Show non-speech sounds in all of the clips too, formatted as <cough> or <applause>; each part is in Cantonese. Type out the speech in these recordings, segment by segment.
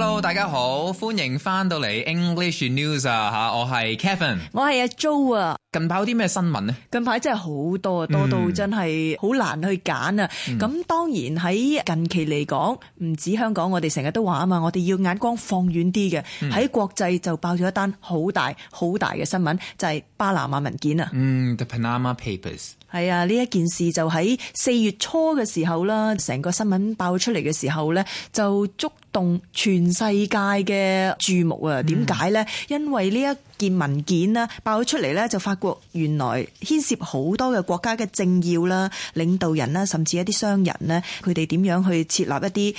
hello，大家好，歡迎翻到嚟 English News 啊吓，我係 Kevin，我係阿 Jo 啊。近排有啲咩新聞呢？近排真係好多，多到真係好難去揀啊。咁、嗯、當然喺近期嚟講，唔止香港，我哋成日都話啊嘛，我哋要眼光放遠啲嘅。喺、嗯、國際就爆咗一單好大好大嘅新聞，就係、是、巴拿馬文件啊。嗯，The Panama Papers。係啊，呢一件事就喺四月初嘅時候啦，成個新聞爆出嚟嘅時候呢，就觸動全世界嘅注目啊！點解呢、嗯？因為呢、呢、一、個見文件啦，爆咗出嚟咧，就發覺原來牽涉好多嘅國家嘅政要啦、領導人啦，甚至一啲商人咧，佢哋點樣去設立一啲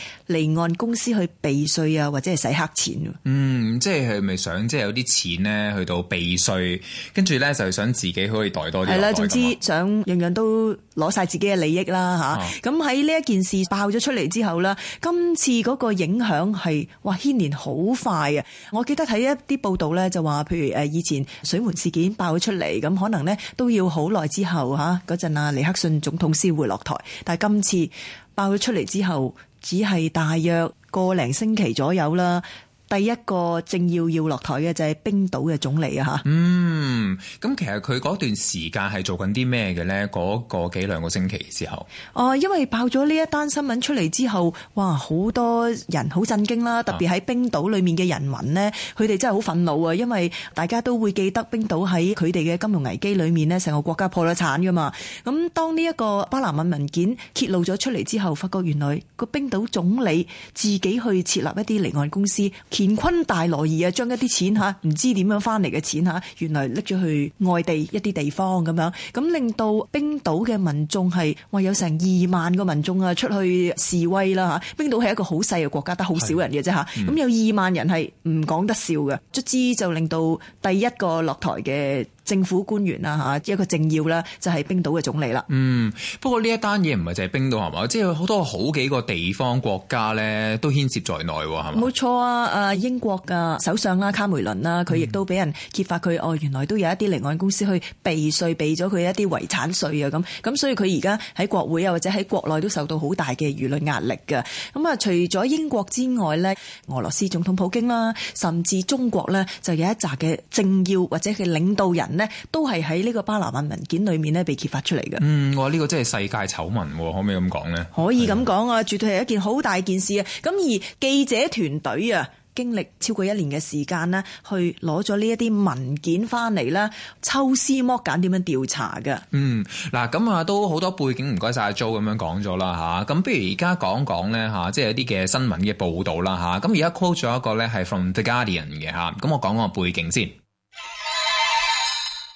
離岸公司去避稅啊，或者係使黑錢。嗯，即係佢咪想，即係有啲錢咧去到避稅，跟住咧就想自己可以袋多啲。係啦，總之想樣樣都攞晒自己嘅利益啦，吓、啊。咁喺呢一件事爆咗出嚟之後呢，今次嗰個影響係，哇，牽連好快啊！我記得睇一啲報道咧，就話譬如。誒以前水門事件爆咗出嚟，咁可能呢都要好耐之後嚇嗰陣啊，尼克遜總統先會落台。但係今次爆咗出嚟之後，只係大約個零星期左右啦。第一個正要要落台嘅就係、是、冰島嘅總理啊吓。嗯，咁其實佢嗰段時間係做緊啲咩嘅呢？嗰、那個幾兩個星期之後。哦、啊，因為爆咗呢一單新聞出嚟之後，哇，好多人好震驚啦，特別喺冰島裏面嘅人民呢，佢、啊、哋真係好憤怒啊！因為大家都會記得冰島喺佢哋嘅金融危機裏面呢，成個國家破咗產㗎嘛。咁當呢一個巴拿馬文件揭露咗出嚟之後，發覺原來個冰島總理自己去設立一啲離岸公司。乾坤大挪移啊，將一啲錢吓，唔知點樣翻嚟嘅錢吓，原來拎咗去外地一啲地方咁樣，咁令到冰島嘅民眾係哇有成二萬個民眾啊出去示威啦吓，冰島係一個好細嘅國家，得好少人嘅啫吓，咁有二萬人係唔講得笑嘅，卒之就令到第一個落台嘅。政府官員啊吓，一個政要咧就係、是、冰島嘅總理啦。嗯，不過呢一單嘢唔係淨係冰島係嘛，即係好多好幾個地方國家咧都牽涉在內，係咪冇錯啊。啊英國嘅首相啦，卡梅倫啦，佢亦都俾人揭發佢、嗯、哦，原來都有一啲離岸公司去避稅，避咗佢一啲遺產稅啊咁，咁所以佢而家喺國會啊或者喺國內都受到好大嘅輿論壓力嘅。咁啊，除咗英國之外咧，俄羅斯總統普京啦，甚至中國咧就有一紮嘅政要或者嘅領導人。都係喺呢個巴拿馬文件裏面咧被揭發出嚟嘅。嗯，哇，呢個真係世界醜聞，可唔可以咁講咧？可以咁講啊，絕對係一件好大件事啊。咁而記者團隊啊，經歷超過一年嘅時間咧，去攞咗呢一啲文件翻嚟啦，抽絲剝繭，點樣調查嘅？嗯，嗱，咁啊，都好多背景，唔該晒阿 Jo 咁樣講咗啦，吓。咁不如而家講講咧，吓，即係一啲嘅新聞嘅報道啦，吓。咁而家 quote 咗一個咧，係 From The Guardian 嘅吓。咁我講個背景先。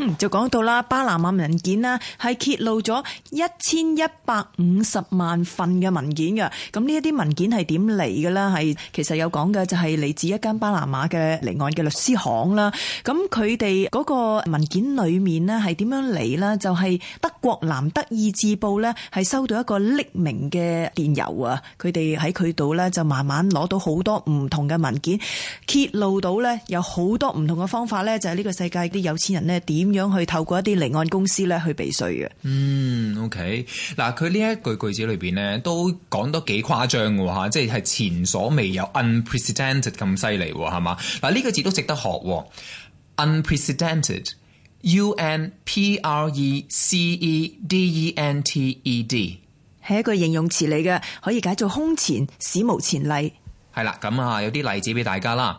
嗯，就講到啦，巴拿馬文件啦，係揭露咗一千一百五十萬份嘅文件嘅，咁呢一啲文件係點嚟嘅咧？係其實有講嘅就係嚟自一間巴拿馬嘅離岸嘅律師行啦。咁佢哋嗰個文件裏面咧係點樣嚟咧？就係德國《南德意志報》咧係收到一個匿名嘅電郵啊，佢哋喺佢度咧就慢慢攞到好多唔同嘅文件，揭露到咧有好多唔同嘅方法咧，就係呢個世界啲有錢人咧點。咁樣去透過一啲離岸公司咧去避稅嘅。嗯，OK，嗱，佢呢一句句子裏邊咧都講得幾誇張嘅吓，即係前所未有，unprecedented 咁犀利，係咪？嗱，呢個字都值得學，unprecedented，U-N-P-R-E-C-E-D-E-N-T-E-D，係 U-N-P-R-E-C-E-D-E-N-T-E-D 一個形容詞嚟嘅，可以解做空前、史無前例。係啦，咁啊，有啲例子俾大家啦。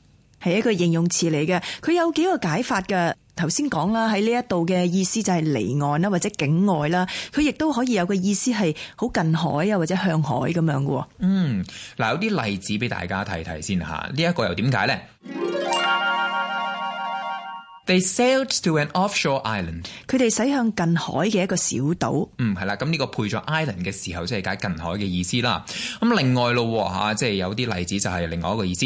係一個形容詞嚟嘅，佢有幾個解法嘅。頭先講啦，喺呢一度嘅意思就係離岸啦，或者境外啦，佢亦都可以有個意思係好近海啊，或者向海咁樣嘅。嗯，嗱，有啲例子俾大家睇睇先吓，呢一個又點解咧？They sailed to an offshore island。佢哋駛向近海嘅一個小島。嗯，係啦，咁呢個配咗 island 嘅時候，即係解近海嘅意思啦。咁另外咯吓，即係有啲例子就係另外一個意思。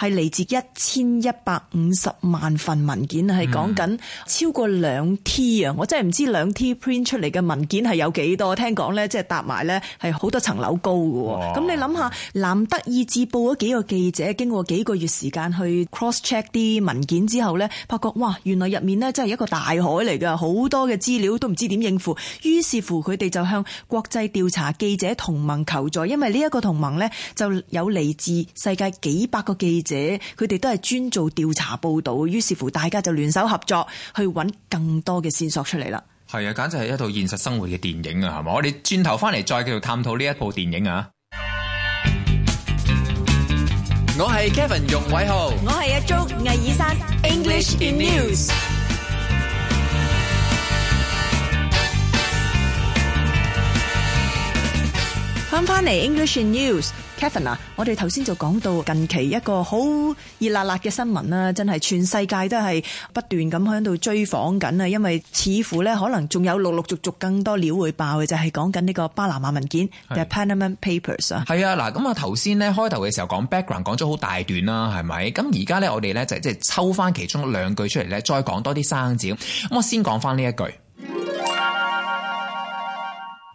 係嚟自一千一百五十萬份文件，係講緊超過兩 T 啊！我真係唔知兩 T print 出嚟嘅文件係有幾多？聽講咧，即係搭埋咧係好多層樓高嘅喎。咁你諗下，《南德意志報》嗰幾個記者經過幾個月時間去 cross check 啲文件之後咧，發覺哇，原來入面咧真係一個大海嚟㗎，好多嘅資料都唔知點應付。於是乎佢哋就向國際調查記者同盟求助，因為呢一個同盟咧就有嚟自世界幾百個記者。者，佢哋都係專做調查報道，於是乎大家就聯手合作，去揾更多嘅線索出嚟啦。係啊，簡直係一套現實生活嘅電影啊，係嘛？我哋轉頭翻嚟再繼續探討呢一部電影啊。我係 Kevin 容偉豪，我係阿 Jo 魏爾山，English in News。 <music> English News，Kevin 啊，我哋頭先就講到近期一個好熱辣辣嘅新聞啦，真係全世界都係不斷咁喺度追訪緊啊，因為似乎咧可能仲有陸陸續續更多料會爆嘅，就係講緊呢個巴拿馬文件，The Panama Papers 啊。係啊，嗱咁啊頭先咧開頭嘅時候講 background 講咗好大段啦，係咪？咁而家咧我哋咧就即係抽翻其中兩句出嚟咧，再講多啲生字。咁我先講翻呢一句。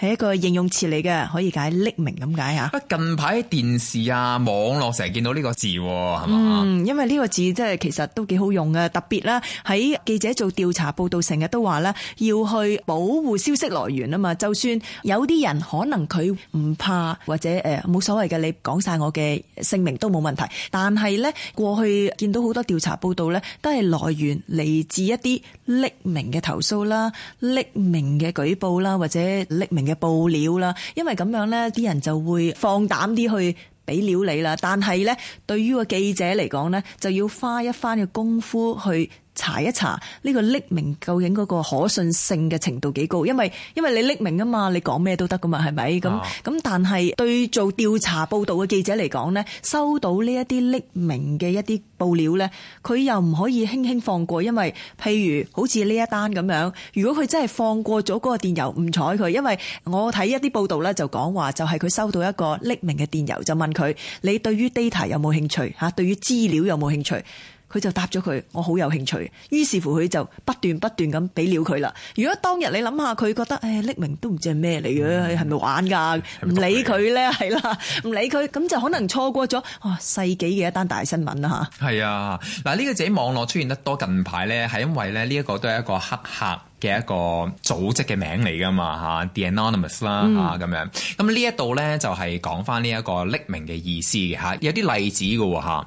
係一個形容詞嚟嘅，可以解匿名咁解吓。不過近排電視啊、網絡成日見到呢個字，係嘛？嗯，因為呢個字即係其實都幾好用嘅，特別啦，喺記者做調查報導成日都話咧，要去保護消息來源啊嘛。就算有啲人可能佢唔怕或者呃、冇所謂嘅，你講晒我嘅姓名都冇問題。但係咧，過去見到好多調查報導咧，都係來源嚟自一啲匿名嘅投訴啦、匿名嘅舉報啦，或者匿名。嘅爆料啦，因為咁樣咧，啲人就會放膽啲去俾料你啦。但係咧，對於個記者嚟講咧，就要花一番嘅功夫去。查一查呢個匿名究竟嗰個可信性嘅程度幾高？因為因為你匿名啊嘛，你講咩都得噶嘛，係咪？咁，咁，但係對做調查報導嘅記者嚟講呢，收到呢一啲匿名嘅一啲報料呢，佢又唔可以輕輕放過。因為譬如好似呢一單咁樣，如果佢真係放過咗嗰個電郵，唔睬佢，因為我睇一啲報導呢，就講話就係佢收到一個匿名嘅電郵，就問佢你對於 data 有冇興趣嚇？對於資料有冇興趣？佢就答咗佢，我好有興趣。於是乎佢就不斷不斷咁俾料佢啦。如果當日你諗下，佢覺得誒、哎、匿名都唔知係咩嚟嘅，係、嗯、咪玩噶？唔理佢咧，係啦，唔理佢，咁就可能錯過咗哇、哦、世紀嘅一單大新聞啦吓，係啊，嗱呢、啊這個自己網絡出現得多近排咧，係因為咧呢一個都係一個黑客嘅一個組織嘅名嚟噶嘛、啊、吓 The Anonymous 啦吓咁樣。咁呢一度咧就係講翻呢一個匿名嘅意思嘅，有啲例子嘅吓。啊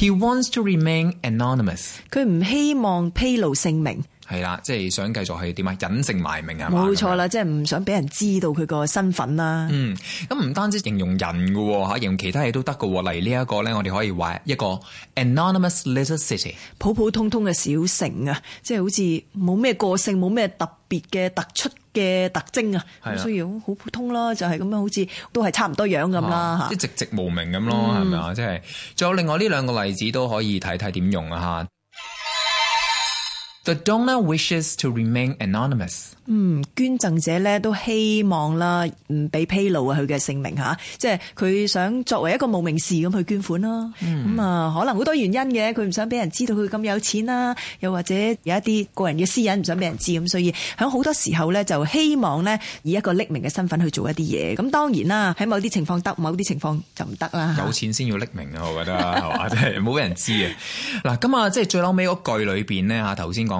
He wants to remain anonymous。佢唔希望披露姓名。係啦，即係想繼續係點啊？隱姓埋名啊？冇錯啦，即係唔想俾人知道佢個身份啦。嗯，咁唔單止形容人嘅吓，形容其他嘢都得嘅。例如呢一個咧，我哋可以話一個 anonymous little city，普普通通嘅小城啊，即係好似冇咩個性，冇咩特別嘅突出。嘅特徵、就是、啊，需要好普通咯，就係咁樣，好似都係差唔多樣咁啦嚇，即係籍籍無名咁咯，係咪啊？即係仲有另外呢兩個例子都可以睇睇點用啊吓。The donor wishes to remain anonymous。嗯，捐贈者咧都希望啦，唔俾披露佢、啊、嘅姓名吓、啊，即係佢想作為一個無名氏咁去捐款咯、啊。咁、嗯、啊，可能好多原因嘅，佢唔想俾人知道佢咁有錢啦、啊，又或者有一啲個人嘅私隱唔想俾人知咁，所以喺好多時候咧就希望咧以一個匿名嘅身份去做一啲嘢。咁當然啦，喺某啲情況得，某啲情況就唔得啦。有錢先要匿名啊，我覺得係即係冇俾人知啊。嗱，咁啊，即係最，最後尾嗰句裏面咧嚇，頭先講。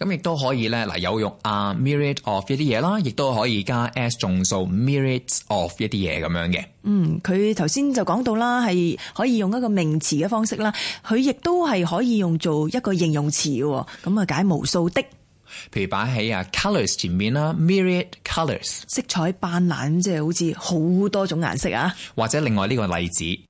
咁亦都可以咧，嗱有用啊，myriad of 一啲嘢啦，亦都可以加 s 眾數 myriads of 一啲嘢咁樣嘅。嗯，佢頭先就講到啦，係可以用一個名詞嘅方式啦，佢亦都係可以用做一個形容詞嘅，咁啊解無數的。譬如擺喺啊 colors 前面啦，myriad colors，色彩斑斕，即係好似好多種顏色啊。或者另外呢個例子。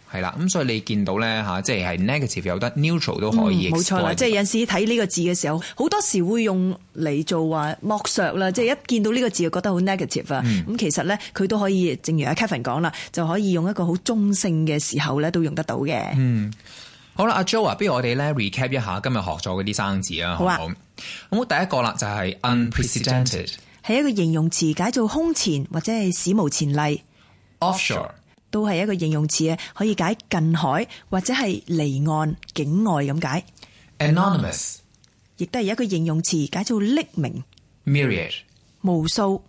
係啦，咁所以你見到咧嚇，即係 negative 有得 neutral 都可以。冇、嗯、錯啦，即係有時睇呢個字嘅時候，好多時會用嚟做話剝削啦。即係一見到呢個字，就覺得好 negative 啊、嗯。咁其實咧，佢都可以，正如阿 Kevin 講啦，就可以用一個好中性嘅時候咧，都用得到嘅。嗯，好啦，阿 Jo、啊、不如我哋咧 recap 一下今日學咗嗰啲生字啊。好啊。咁我第一個啦，就係 unprecedented，係一個形容詞，解做空前或者係史無前例。Offshore。Offshore 都係一個形容詞嘅，可以解近海或者係離岸，境外咁解。Anonymous，亦都係一個形容詞，解做匿名。Myriad，無數。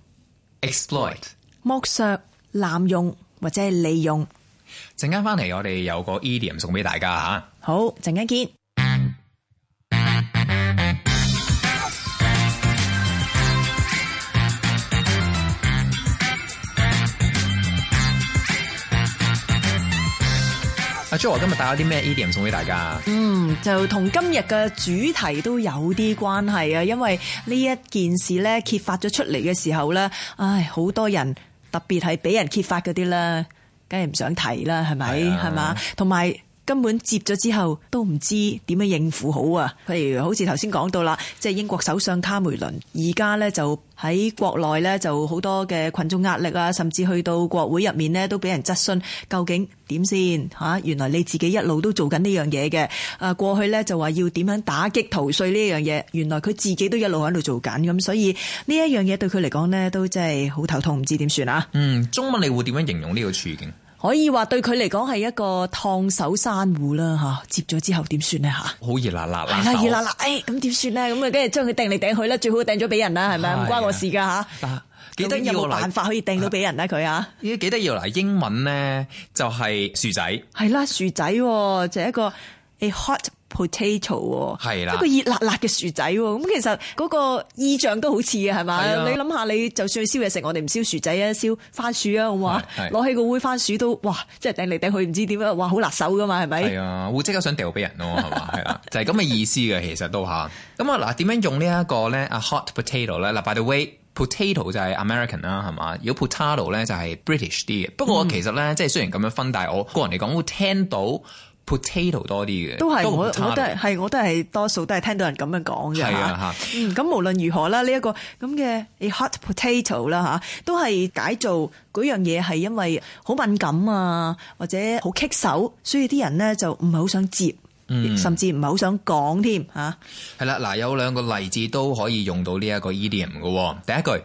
Exploit，剝削、濫用或者係利用。陣間翻嚟，我哋有個 idiom 送俾大家吓。好，陣間見。阿、啊、Jo 今日帶咗啲咩 idiom 送俾大家？嗯，就同今日嘅主題都有啲關係啊，因為呢一件事咧揭發咗出嚟嘅時候咧，唉，好多人特別係俾人揭發嗰啲啦，梗係唔想提啦，係咪？係嘛、啊，同埋。根本接咗之後都唔知點樣應付好啊！譬如好似頭先講到啦，即係英國首相卡梅倫，而家呢就喺國內呢就好多嘅群眾壓力啊，甚至去到國會入面呢都俾人質詢，究竟點先嚇？原來你自己一路都做緊呢樣嘢嘅啊！過去呢就話要點樣打擊逃稅呢樣嘢，原來佢自己都一路喺度做緊咁，所以呢一樣嘢對佢嚟講呢都真係好頭痛，唔知點算啊！嗯，中文你會點樣形容呢個處境？可以話對佢嚟講係一個燙手山芋啦吓，接咗之後點算咧吓？好熱辣辣。係啦，熱辣辣，誒，咁點算咧？咁啊，跟住將佢掟嚟掟去啦，最好掟咗俾人啦，係咪？唔關我事噶吓。幾得意冇辦法可以掟到俾人呢啊？佢啊！咦，幾得意啊！英文咧就係薯仔，係啦，薯仔就係一個 a hot。potato 喎，一個熱辣辣嘅薯仔喎，咁其實嗰個意象都好似嘅，係咪？你諗下，你就算燒嘢食，我哋唔燒薯仔啊，燒番薯啊，好唔好？攞起個煨番薯都，哇！即係掟嚟掟去唔知點樣，哇！好辣手噶嘛，係咪？係啊，會即刻想掉俾人咯，係嘛？係啦， <laughs> 就係咁嘅意思嘅，其實都吓。咁啊嗱，點樣用呢一個咧？啊，hot potato 咧？嗱，by the way，potato 就係 American 啦，係嘛？如果 potato 咧就係 British 啲嘅。不過其實咧，即、嗯、係雖然咁樣分，但係我個人嚟講會聽到 potato 多啲嘅，都係我我都係，我都係多數都係聽到人咁樣講嘅吓。嗯，咁無論如何啦，呢、這、一個咁嘅 hot potato 啦、啊、吓，都係解做嗰樣嘢，係因為好敏感啊，或者好棘手，所以啲人咧就唔係好想接，嗯、甚至唔係好想講添吓。係、啊、啦，嗱，有兩個例子都可以用到呢一個 idiom 嘅，第一句。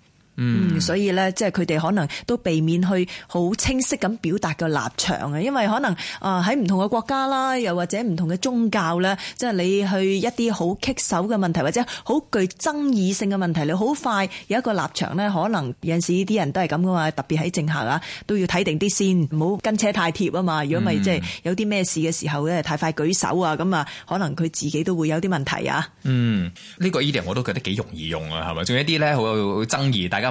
嗯，所以咧，即係佢哋可能都避免去好清晰咁表達個立場啊，因為可能啊喺唔同嘅國家啦，又或者唔同嘅宗教咧，即係你去一啲好棘手嘅問題，或者好具爭議性嘅問題，你好快有一個立場咧，可能有陣時啲人都係咁噶嘛，特別喺政客啊，都要睇定啲先，唔好跟車太貼啊嘛。如果唔係即係有啲咩事嘅時候咧，太快舉手啊，咁啊，可能佢自己都會有啲問題啊。嗯，呢個 idea 我都覺得幾容易用啊，係咪？仲有啲咧好有爭議，大家。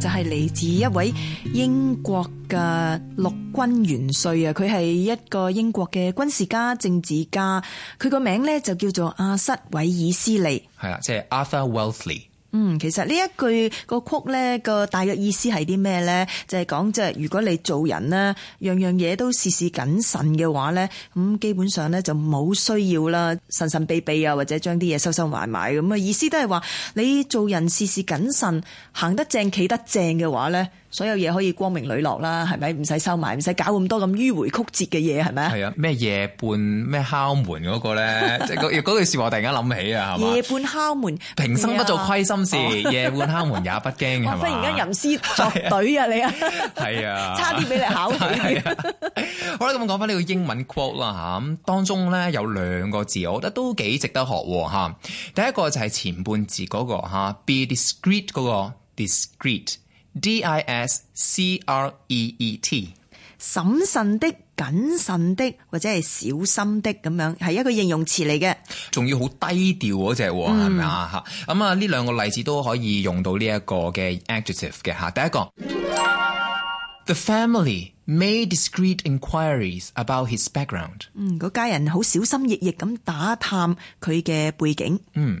就係、是、嚟自一位英國嘅陸軍元帥啊，佢係一個英國嘅軍事家、政治家，佢個名咧就叫做阿瑟韋爾斯利，係啦，即、就、係、是、Arthur Wellesley。嗯，其實呢一句個曲呢個大約意思係啲咩呢？就係講即係如果你做人呢樣樣嘢都事事謹慎嘅話呢，咁基本上呢就冇需要啦，神神秘秘啊或者將啲嘢收收埋埋咁啊，意思都係話你做人事事謹慎，行得正企得正嘅話呢。所有嘢可以光明磊落啦，係咪？唔使收埋，唔使搞咁多咁迂回曲折嘅嘢，係咪？係啊，咩夜半咩敲門嗰個咧？即係嗰句說話，突然間諗起啊，係 <laughs> 夜半敲門，平生不做虧心事， <laughs> 夜半敲門也不驚，係咪？忽然間吟詩作對啊，你啊，係啊，啊 <laughs> 差啲俾你考到、 <laughs> 啊。啊、 <laughs> 好啦，咁講翻呢個英文 quote 啦，吓咁當中咧有兩個字，我覺得都幾值得學吓。第一個就係前半字嗰、那個吓，be discreet 嗰、那個 discreet。D I S C R E E T，審慎的、謹慎的或者係小心的咁樣，係一個形容詞嚟嘅。仲要好低調嗰隻，係咪啊？吓咁啊！呢兩個例子都可以用到呢一個嘅 adjective 嘅吓。第一個，The family made discreet inquiries about his background。嗯，嗰家人好小心翼翼咁打探佢嘅背景。嗯。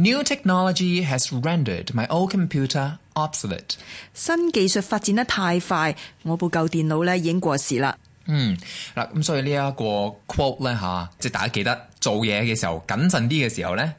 New technology has rendered my old computer obsolete。新技術發展得太快，我部舊電腦咧已經過時啦。嗯，嗱，咁所以呢一個 quote 咧吓，即係大家記得做嘢嘅時候謹慎啲嘅時候咧，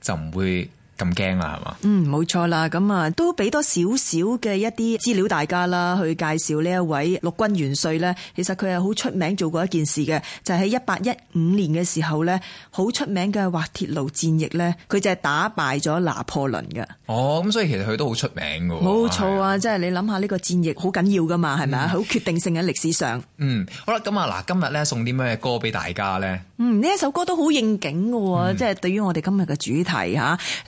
就唔會。咁驚啦，係嘛？嗯，冇錯啦，咁啊都俾多少少嘅一啲資料大家啦，去介紹呢一位陸軍元帥咧。其實佢係好出名做過一件事嘅，就係喺一八一五年嘅時候咧，好出名嘅滑鐵盧戰役咧，佢就係打敗咗拿破崙嘅。哦，咁所以其實佢都好出名喎。冇錯啊，即、哎、係你諗下呢個戰役好緊要㗎嘛，係咪啊？好、嗯、決定性喺歷史上。嗯，好啦，咁啊嗱，今日咧送啲咩歌俾大家咧？嗯，呢一首歌都好應景喎，即、嗯、係、就是、對於我哋今日嘅主題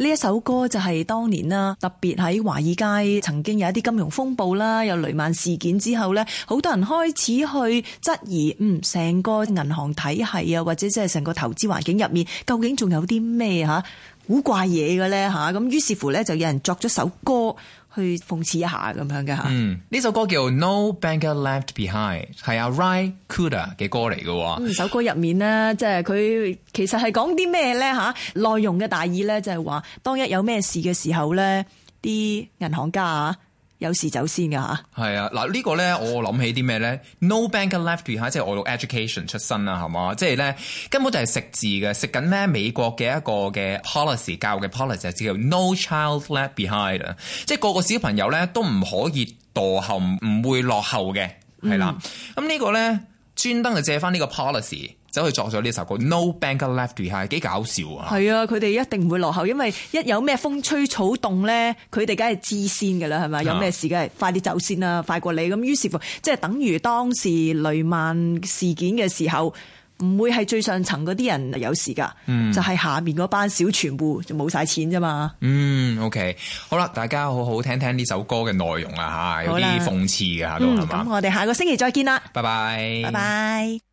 呢一。首歌就係當年啦，特別喺華爾街曾經有一啲金融風暴啦，有雷曼事件之後呢，好多人開始去質疑，嗯，成個銀行體系啊，或者即係成個投資環境入面，究竟仲有啲咩吓古怪嘢嘅呢吓？咁於是乎呢，就有人作咗首歌。去諷刺一下咁樣嘅吓，呢、嗯、首歌叫 No Banker Left Behind，係阿 Ry Cooder 嘅歌嚟嘅、嗯。首歌入面咧，即係佢其實係講啲咩咧吓？內容嘅大意咧就係話，當一有咩事嘅時候咧，啲銀行家啊。有事走先㗎吓，係啊嗱、這個、呢個咧，我諗起啲咩咧？No bank left behind，即係我讀 education 出身啦，係嘛？即係咧根本就係食字嘅，食緊咩？美國嘅一個嘅 policy，教育嘅 policy 就叫 No child left behind 啊！即係個個小朋友咧都唔可以墮後，唔會落後嘅，係、嗯、啦、啊。咁、這個、呢個咧專登就借翻呢個 policy。走去作咗呢首歌，No Banker Left Behind，幾搞笑啊！係啊，佢哋一定唔會落後，因為一有咩風吹草動咧，佢哋梗係知先噶啦，係咪？有咩事嘅、啊，快啲走先啦，快過你咁。於是乎，即係等於當時雷曼事件嘅時候，唔會係最上層嗰啲人有事噶、嗯，就係、是、下面嗰班小全部，就冇晒錢啫嘛。嗯，OK，好啦，大家好好聽聽呢首歌嘅內容啊，吓有啲諷刺噶咁、嗯、我哋下個星期再見啦，拜拜，拜拜。